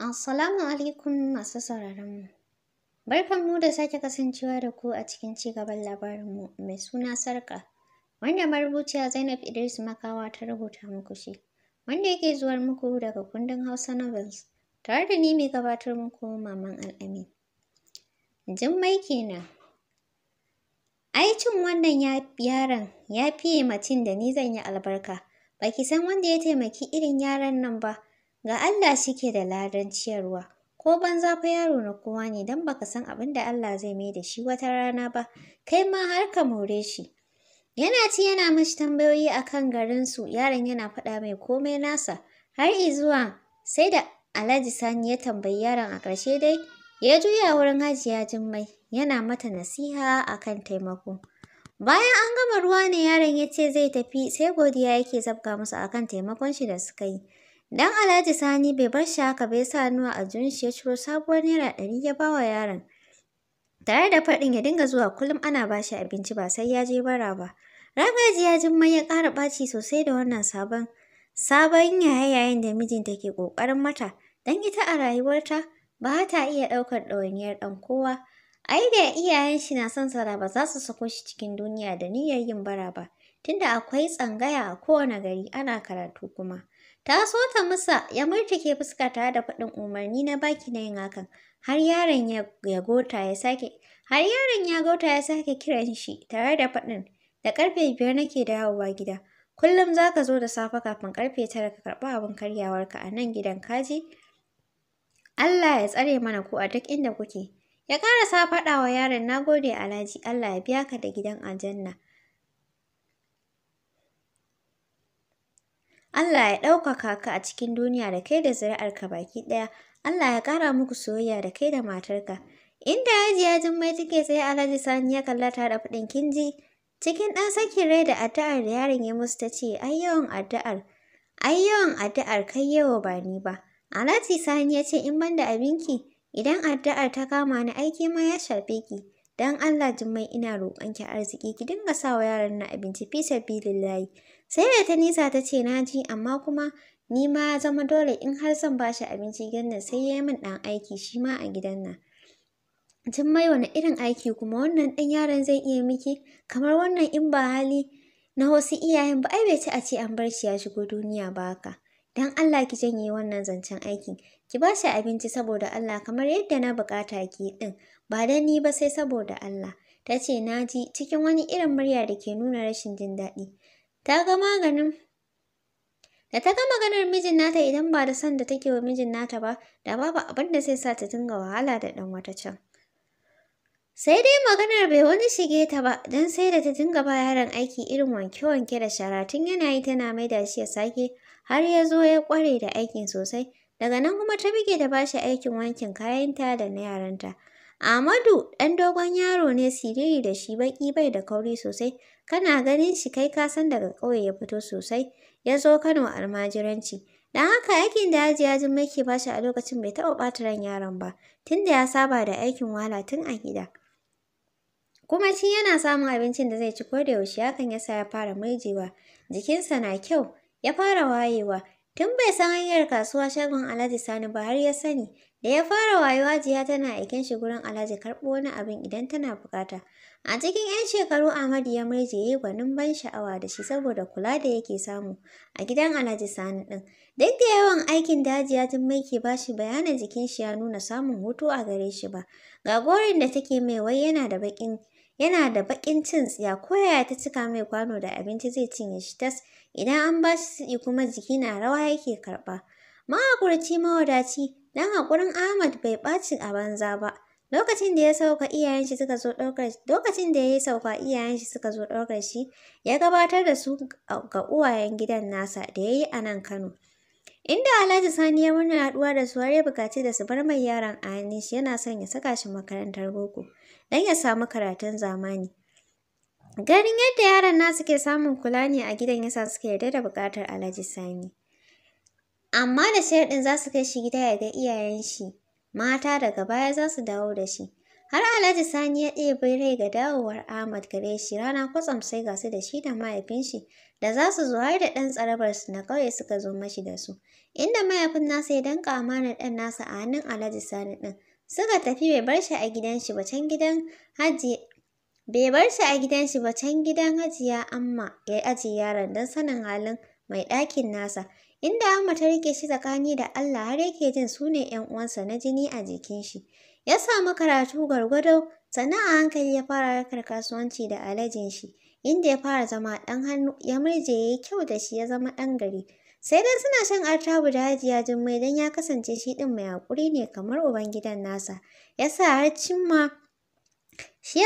Assalamu alaikum masu sauraron mu. Barkan mu da sake kasancewa da ku a cikin cigaban labarinmu mai suna sarka. Wanda marubuciya Zainab Idris Makawa ta rubuta muku shi. Wanda yake zuwar muku daga kundin Hausa Novels. Tare da ni mai gabatar muku Maman Al'amin. Jummai kenan. Ai cin wannan yaron ya fiye macin da ni zan yi albarka. Baki san wanda ya taimaki irin yaran nan ba. Ga Allah suke da ladan ciyarwa, ko banza fa yaro na kowa ne don baka san abin da Allah zai mai da shi wata rana ba, kai ma har ka more shi. Yana ci yana mashi tambayoyi a kan garinsu, yaron yana faɗa mai komai nasa, har izuwa sai da Alhaji Sani ya tambayi yaron a ƙarshe dai, ya juya wurin Hajiya Jummai, yana mata nasiha a kan taimako. Bayan an gama ruwa ne yaron ya ce zai tafi sai godiya yake zabga musu akan taimakon shi da suka yi. Dan Alhaji Sani bai bar shi haka bai sa nuwa a shi ya ciro sabuwar naira ɗari ya ba wa yaron. Tare da faɗin ya dinga zuwa kullum ana ba shi abinci ba sai ya je bara ba. Ragaji ya jin ya ƙara ɓaci sosai da wannan sabon sabon yayayen da mijinta ke ƙoƙarin mata. Dan ita a rayuwarta ba ta iya ɗaukar ɗawainiyar ɗan kowa. Ai da iyayen shi na son sara, ba za su sako shi cikin duniya da niyyar yin bara ba. tunda akwai tsangaya a kowane gari ana karatu kuma. Ta so ta musa ya murtuke fuska tare da faɗin umarni na baki na yin hakan, har yaron ya gota ya sake, har yaron ya gota ya sake kiran shi tare da faɗin da karfe biyar nake dawowa gida. Kullum za ka zo da safe kafin karfe tara ka karɓi abin karyawarka a nan gidan kaji. Allah ya tsare mana ku a duk inda kuke. Ya ƙarasa faɗawa wa yaron na gode alhaji Allah ya biya ka da gidan aljanna. Allah ya ɗaukaka ka a cikin duniya da kai da zuri'arka baki ɗaya. Allah ya ƙara muku soyayya da kai da matarka. Inda yaji hajiya jummai take sai Alhaji Sani ya kalla ta da faɗin kinji. Cikin ɗan sakin rai da addu'ar da yaron ya musu ta ce, ai yawan addu'ar, ai yawan addu'ar kai yawa ba ni ba. Alhaji Sani ya ce in ban da abinki, idan addu'ar ta kama ni aiki ma ya shafe ki. Dan Allah Jummai ina ki arziki ki dinga sawa yaran na abinci fi sabilillahi. Sai da ta nisa ta ce na ji amma kuma ni ma ya zama dole in har zan ba shi abinci gidan sai ya yi min ɗan aiki shi ma a gidan nan. Jummai wani irin aiki kuma wannan ɗan yaron zai iya miki kamar wannan in ba hali na wasu iyayen ba ai bai ci a ce an bar shi ya shigo duniya ba haka. Dan Allah ki janye wannan zancen aiki. Ki ba shi abinci saboda Allah kamar yadda na bukata ki din. ba dan ni ba sai saboda Allah. Ta ce na ji cikin wani irin murya da ke nuna rashin jin daɗi. Ta ga maganin Da ta ga maganar mijin nata idan ba da son da take wa mijin nata ba, da babu abin da sai sa ta dinga wahala da ɗan wata can. Sai dai maganar bai wani shige ta ba, don sai da ta dinga ba yaron aiki irin wanke-wanke da shara tun yana yi tana mai da shi ya sake, har ya zo ya kware da aikin sosai. Daga nan kuma ta bige da bashi aikin wankin kayanta da na yaranta. Amadu ɗan dogon yaro ne siriri da shi baƙi bai da kauri sosai. Kana ganin shi kai ka san daga ƙauye ya fito sosai. Ya zo Kano almajiranci. Don haka aikin da ya Jummai ke ba shi a lokacin bai taɓa ɓata ran yaron ba, tunda ya saba da aikin wahala tun a gida. Kuma shi yana samun abincin da zai ci ko da yaushe hakan ya sa ya fara maijewa, Jikinsa na kyau, ya fara wayewa. Tun bai san hanyar kasuwa shagon Alhaji Sani ba har ya sani, Da ya fara wayewa Jiya tana aiken shi gurin Alhaji karɓo wani abin idan tana buƙata. A cikin 'yan shekaru Ahmadu ya murje ya yi gwanin ban sha'awa da shi saboda kula da yake samu a gidan Alhaji Sani ɗin. Duk da yawan aikin da Hajiya Jummai ke bashi, shi jikin shi ya nuna samun hutu a gare shi ba. Ga gorin da take mai wai yana da baƙin yana da baƙin cin tsiya ko yaya ta cika mai kwano da abinci zai cinye shi tas idan an ba shi kuma jiki na rawa yake karɓa. Mahaƙurci mawadaci don haƙurin Ahmad bai ɓaci a banza ba. Lokacin da ya sauka iyayen shi suka zo ɗaukar lokacin da ya sauka iyayen shi suka zo ɗaukar shi, ya gabatar da su ga uwayen gidan nasa da ya yi a nan Kano. Inda Alhaji Sani ya murna haɗuwa da su har ya buƙaci da su bar mai yaron a hannun shi yana son ya saka shi makarantar boko don ya samu karatun zamani. Ganin yadda yaran nasu ke samun kula ne a gidan yasa suka yarda da buƙatar Alhaji Sani. Amma da sharaɗin za su kai shi gida ya ga iyayen shi, mata daga baya za su dawo da shi. Har Alhaji Sani ya ɗebe rai ga dawowar Ahmad gare shi rana kwatsam sai ga su da shi da mahaifin shi da za su zo har da ɗan tsarabar su na kauye suka zo mashi da su. Inda mahaifin nasa ya danka amanar ɗan nasa a hannun Alhaji Sani ɗin. Suka tafi bai bar shi a gidan shi ba can gidan Hajiya bai bar shi a gidan ba can gidan Hajiya amma ya aji yaron don sanin halin mai ɗakin nasa. inda Amma ta rike shi tsakani da Allah har yake jin su ne ‘yan uwansa na jini a jikin shi. Ya samu karatu gwargwado, sannan a hankali ya fara harkar kasuwanci da alajin shi, inda ya fara zama ɗan hannu, ya murje ya yi kyau da shi ya zama ɗan gari. Sai dai suna shan artabu da hajiya jummai don ya kasance shi ɗin mai haƙuri ne kamar ubangidan nasa, shi ya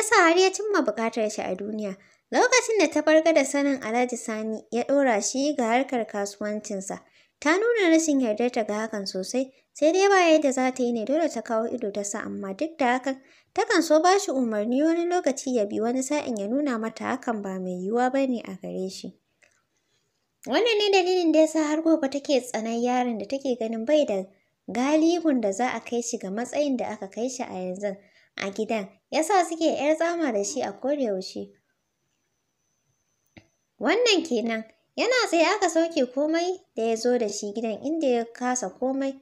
sa har ya cimma buƙatar shi a duniya. Lokacin da ta farga da sanin Alhaji Sani ya ɗora shi ga harkar kasuwancinsa, ta nuna rashin yardarta ga hakan sosai, sai dai ba yadda za ta yi ne dole ta kawo ido ta sa amma duk da hakan takan so ba shi umarni wani lokaci ya bi wani sa'in ya nuna mata hakan ba mai yiwuwa ba ne a gare shi. Wannan ne dalilin da ya sa har gobe take tsanan yaron da take ganin bai da galibun da za a kai shi ga matsayin da aka kai shi a yanzu a gidan, yasa suke 'yar tsama da shi a kodayaushe. Wannan kenan, yana tsaye aka sauke komai da ya zo da shi gidan inda ya kasa komai.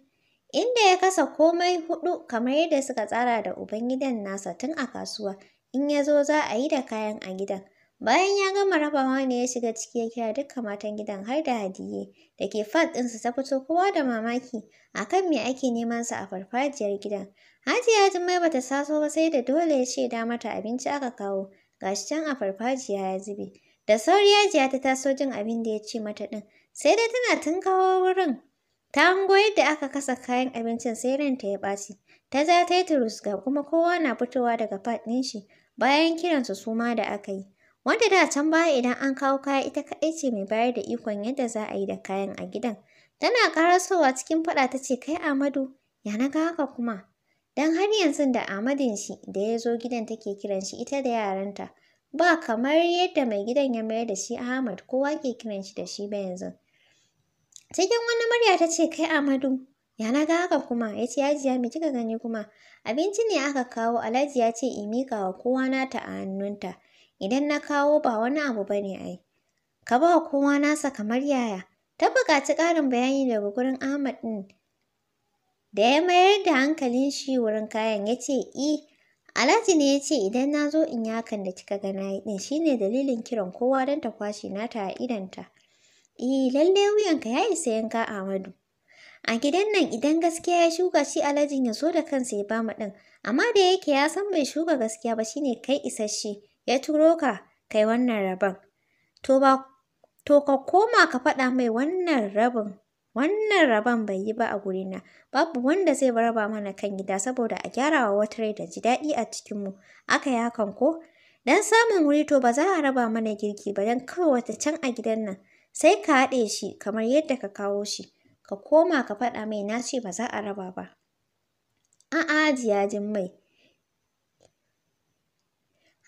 Inda ya kasa komai huɗu kamar yadda suka tsara da ubangidan nasa tun a kasuwa, in ya zo za a yi da kayan a gidan. Bayan ya gama rabawa ne ya shiga ciki ya kira dukkan matan gidan har da hadiye da ke fat ɗinsu ta fito kowa da mamaki akan me ake neman sa a farfajiyar gidan. Hajiya Jummai bata saso ba sai da dole ya shaida mata abinci aka kawo gashi can a farfajiya ya zube. Da sauri Hajiya ta taso jin abin da ya ce mata ɗin, sai dai tana kawo wurin. Ta hango yadda aka kasa kayan abincin sai ranta ya ɓaci. Ta ja ta yi turusga kuma kowa na fitowa daga fat ɗin shi bayan kiransu suma da aka yi. Wanda da can baya idan an kawo kaya ita kaɗai ce mai bayar da ikon yadda za a yi da kayan a gidan. Tana ƙarasowa cikin faɗa ta ce kai Amadu ya na haka kuma. Dan har yanzu da Amadin shi da ya zo gidan take kiran shi ita da yaranta. ba kamar yadda mai gidan ya mayar da shi Ahmad kowa ke kiran shi da shi ba yanzu. Cikin wani murya ta ce kai Amadu ya na ga haka kuma ya ce hajiya me kika gani kuma abinci ne aka kawo Alhaji ya ce in Mika wa kowa ta a hannunta idan na kawo ba wani abu ne ai. Ka ba kowa nasa kamar yaya. Ta buƙaci ƙarin bayani daga gurin Ahmad ɗin da ya mayar da hankalin shi wurin kayan ya ce i Alhaji ne ya ce idan na zo in yakan da kika ga na yi ɗin shi ne dalilin kiran kowa don ta kwashe nata a idanta. Eh lallai wuyanka ya isa yanka Ahmadu. A gidan nan idan gaskiya ya shuka shi alhajin ya zo da kansa ya bamu ɗin, amma da yake ya san bai shuka gaskiya ba shine kai isasshe ya turo ka kai wannan rabon. To ba to ka koma ka faɗa mai wannan rabin Wannan rabon bai yi ba a guri na babu wanda zai raba mana kan gida saboda a gyara wa wata rai da ji daɗi a cikinmu, aka yi hakan ko? Don samun wuri to ba za a raba mana girki ba don kawai wata can a gidan nan, sai ka haɗe shi kamar yadda ka kawo shi, ka koma ka faɗa mai na ce ba za a raba ba. A'a hajiya Jummai,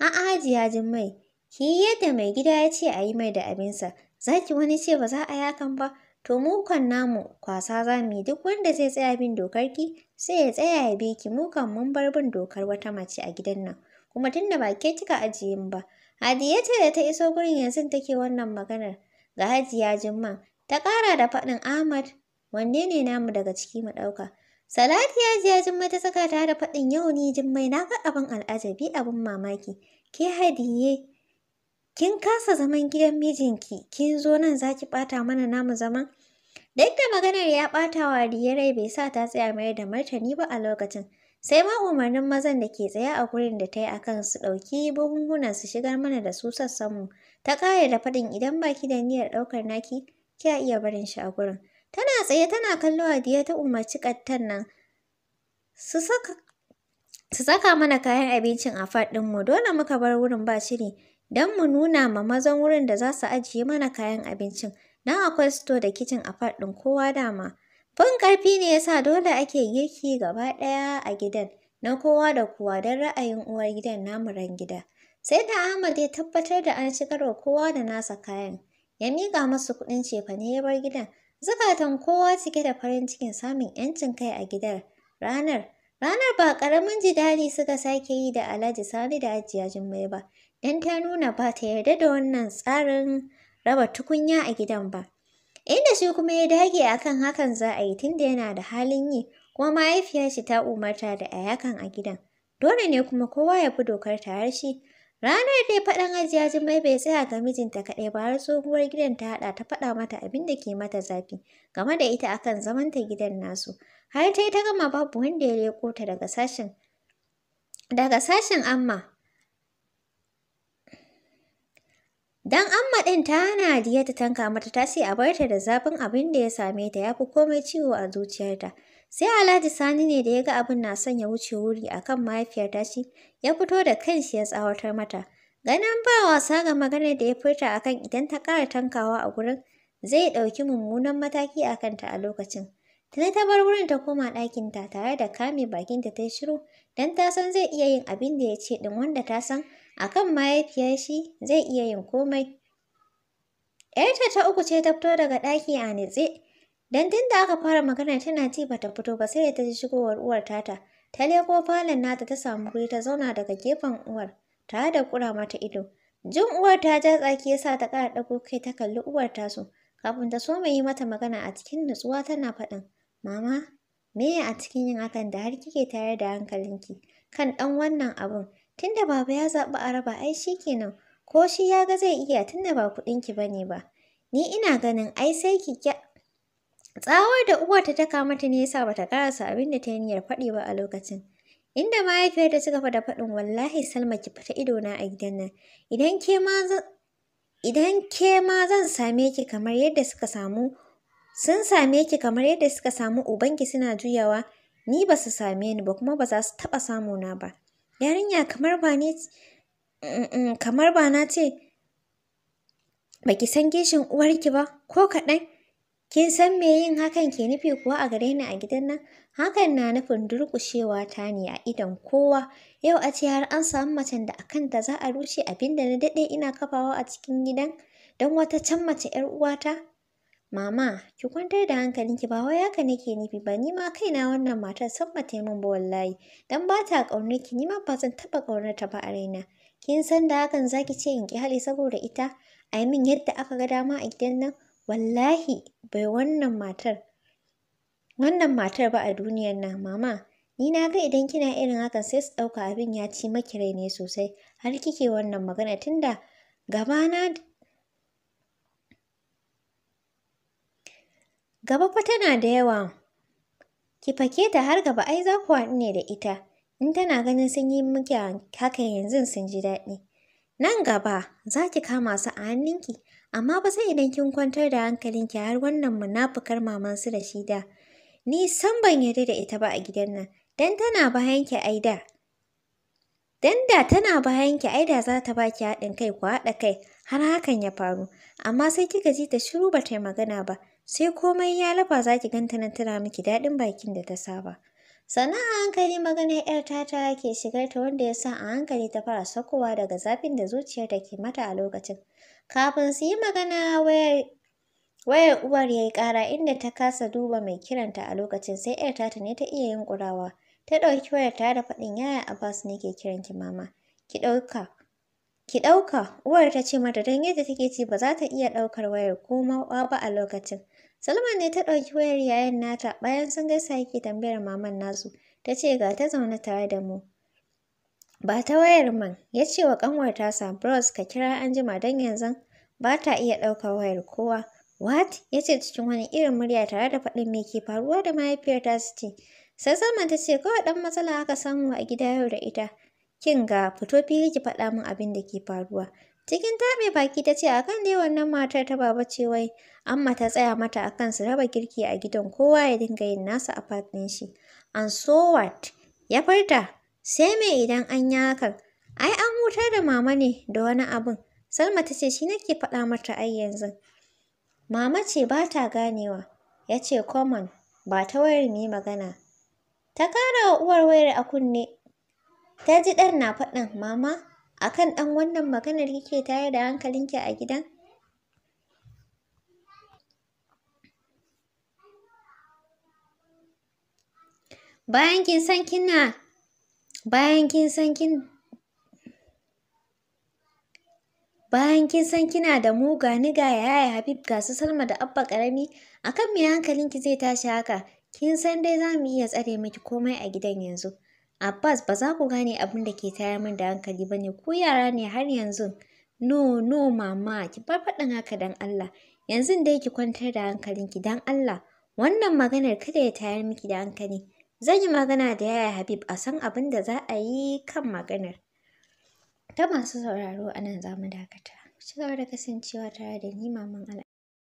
a'a hajiya Jummai, ki yadda mai gida ya ce a yi mai da abinsa, Zaki wani ce ba za a yi hakan ba? To mu kan namu kwasa za mu yi duk wanda zai tsaya bin dokar ki sai ya tsaya ya bi ki mu kan mun bar bin dokar wata mace a gidan nan. Kuma tunda ba ke kika ajiye mu ba. Hadiya ce da ta iso gurin yanzu take wannan maganar ga Hajiya Jumma. Ta ƙara da faɗin Ahmad wanne ne namu daga ciki mu ɗauka. Salati Hajiya Jumma ta saka ta da faɗin yau ni Jummai na ga abin al'ajabi abin mamaki. Ke Hadiye kin kasa zaman gidan mijinki kin zo nan zaki ɓata mana namu zaman. Da yadda maganar ya ɓata wa diyarai bai sa ta tsaya mayar da martani ba a lokacin, sai ma umarnin mazan da ke tsaye a gurin da ta yi a kan su ɗauki buhunhunan su shigar mana da su sassanmu. Ta ƙara da faɗin idan ba ki da niyyar ɗaukar naki, kya iya barin shi a gurin. Tana tsaye tana kallo a Diya ta umarci ƙattan nan su saka su saka mana kayan abincin a faɗinmu dole muka bar wurin ba shiri don mu nuna ma mazan wurin da za su ajiye mana kayan abincin. don akwai sito da kicin a faɗin kowa dama. Fun ƙarfi ne ya sa dole ake girki gaba ɗaya a gidan na kowa da kowa don ra'ayin uwar gidan namu ran gida. Sai da Ahmad ya tabbatar da an shigar wa kowa da nasa kayan, ya miƙa masu kuɗin cefane ya bar gidan. Zukatan kowa cike da farin cikin samun 'yancin kai a gidan ranar. Ranar ba ƙaramin jidali suka sake yi da Alhaji Sani da Hajiya Jummai ba, don ta nuna ba ta yarda da wannan tsarin raba tukunya a gidan ba. Inda shi kuma ya dage akan hakan za a yi tunda yana da halin yi kuma mahaifiyar shi ta umarta da a yakan a gidan. Dole ne kuma kowa ya fi dokar ta shi. Ranar dai faɗan Hajiya Jummai bai tsaya ga mijinta kaɗai ba har tsohuwar gidan ta haɗa ta faɗa mata abin da ke mata zafi game da ita akan zamanta gidan nasu. Har ta yi ta gama babu wanda ya leƙo ta daga sashen daga sashen amma Dan amma ɗin ta hana Hadiya ta tanka mata ta ce a bar ta da zafin abin da ya same ta ya fi komai ciwo a zuciyarta. Sai Alhaji Sani ne da ya ga abin na son ya wuce wuri a kan mahaifiyarta shi, ya fito da kanshi ya tsawatar mata. Ganin ba wasa ga maganar da ya furta a kan idan ta ƙara tankawa a gurin zai ɗauki mummunan mataki a kanta a lokacin. Tana ta bar wurin ta koma ɗakinta tare da kame bakinta ta yi shiru don ta san zai iya yin abin da ya ce ɗin wanda ta san Akan mahaifiyar shi zai iya yin komai. ‘Yarta ta uku ce ta fito daga ɗaki a nitse, don tunda aka fara magana tana ji bata fito ba sai da ta ji shigowar uwar tata. Ta leko falon nata ta samu guri ta zauna daga gefen uwar, ta da kura mata ido. Jin uwar ta ja tsaki ya sa ta ƙara ɗago kai ta kalli uwar tasu, kafin ta so mai yi mata magana a cikin nutsuwa tana faɗin, Mama, me a cikin yin hakan da har kike tare da hankalinki kan ɗan wannan abun? Tunda baba ya zaɓi araba ai shi kenan, ko shi ya ga zai iya tunda ba kuɗinki ba ne ba. Ni ina ganin ai sai ki kya. Tsawar da uwarta ta taka mata ne yasa bata karasa abin da ta yi niyyar faɗi ba a lokacin. Inda mahaifiyar ta cigaba da faɗin wallahi Salma ki fita idona a gidan nan. Idan ke ma zan idan ke ma zan same ki kamar yadda suka samu sun same ki kamar yadda suka samu ubanki suna juyawa ni ba su same ni ba kuma ba za su taɓa samuna ba. Yarinya kamar ba ne mm, mm, kamar ba na ce baki san gishin uwarki ba ko kaɗan. Kin san me yin hakan ke nufi kuwa a gare ni a gidan nan? Hakan na nufin durƙushewa ta ne a idon kowa. Yau a ce har an samu macen da akan kanta za a rushe abinda na daɗe ina kafawa a cikin gidan don wata can mace ‘yar uwata Mama, ki kwantar da hankalinki ba wai haka nake nufi ba ni ma kaina wannan matar san ba min ba wallahi. Dan ba ta ƙaunar ki ni ma ba zan taɓa ƙaunar ta ba a raina. Kin san da hakan zaki ce in ki hali saboda ita? Ai min yadda aka ga dama a gidan nan wallahi bai wannan matar. Wannan matar ba a duniyar nan mama. Ni na ga idan kina irin hakan sai su ɗauka abin ya ci maki rai ne sosai har kike wannan magana tunda gabana Gaba fa tana da yawa. Ki fake ta har gaba ai za ku haɗu ne da ita. In tana ganin sun yi miki haka yanzu sun ji daɗi. Nan gaba za ki kama su a hannunki, amma ba sai idan kin kwantar da hankalinki har wannan munafukar maman su da shi da. Ni san ban yarda da ita ba a gidan nan, dan tana bayanki ai da. Dan da tana bayanki ai da za ta baki haɗin kai ku haɗa kai har hakan ya faru, amma sai kika ji ta shiru ba ta magana ba. sai komai ya lafa za ki ganta na tura miki daɗin bakin da ta saba. Sannan a hankali maganar ‘yar tata ke shigar ta wanda ya sa a hankali ta fara sakowa daga zafin da zuciyar ta ke mata a lokacin. Kafin su yi magana wayar wayar uwar ya yi ƙara inda ta kasa duba mai kiranta a lokacin sai ‘yar tata ne ta iya yin Ta ɗauki wayar ta da faɗin yaya Abbas ne ke kiran ki mama. Ki ɗauka. Ki ɗauka, uwar ta ce mata don yadda take ci ba za ta iya ɗaukar wayar ko ma ba a lokacin. Salma ne ta ɗauki wayar yayan nata bayan sun gaisa yake tambayar maman nasu. Ta ce ga ta zaune tare da mu. Ba ta wayar man, ya ce wa ƙanwar tasa Bros ka kira an jima don yanzu ba ta iya ɗaukar wayar kowa. What? Ya ce cikin wani irin murya tare da faɗin me ke faruwa da mahaifiyar tasu ce. Sai Salma ta ce kawai ɗan matsala aka samu a gida yau da ita. Kin ga fito fili ki faɗa min abin da ke faruwa. Cikin taɓe baki ta ce akan dai wannan matar ta baba ce wai amma ta tsaya mata akan su raba girki a gidan kowa ya dinga yin nasa a fatin shi. And so what? Ya farta, sai me idan an yi hakan? Ai an hutar da mama ne da wani abun Salma ta ce shi nake faɗa mata ai yanzu. Mama ce ba ta ganewa. Ya ce common ba ta wayar mu yi magana. Ta kara wa uwar wayar a kunne. Ta ji ɗan na faɗin mama akan ɗan wannan maganar kike tayar da hankalinki a gidan? Bayan kin san kina bayan kin san kin bayan kin san kina da mu ga ni ga yaya Habib ga su Salma da Abba ƙarami, akan me hankalinki zai tashi haka kin san dai za mu iya tsare miki komai a gidan yanzu Abbas ba za ku gane abin da ke tayar min da hankali ba ne ko yara ne har yanzu. No, no mama ki bar faɗin haka don Allah. Yanzu dai ki kwantar da hankalinki don Allah. Wannan maganar kada ya tayar miki da hankali. Zan yi magana da yaya Habib a san abin da za a yi kan maganar. Ta masu sauraro a nan za mu dakata. Ku ci gaba da kasancewa tare da ni maman al'ada.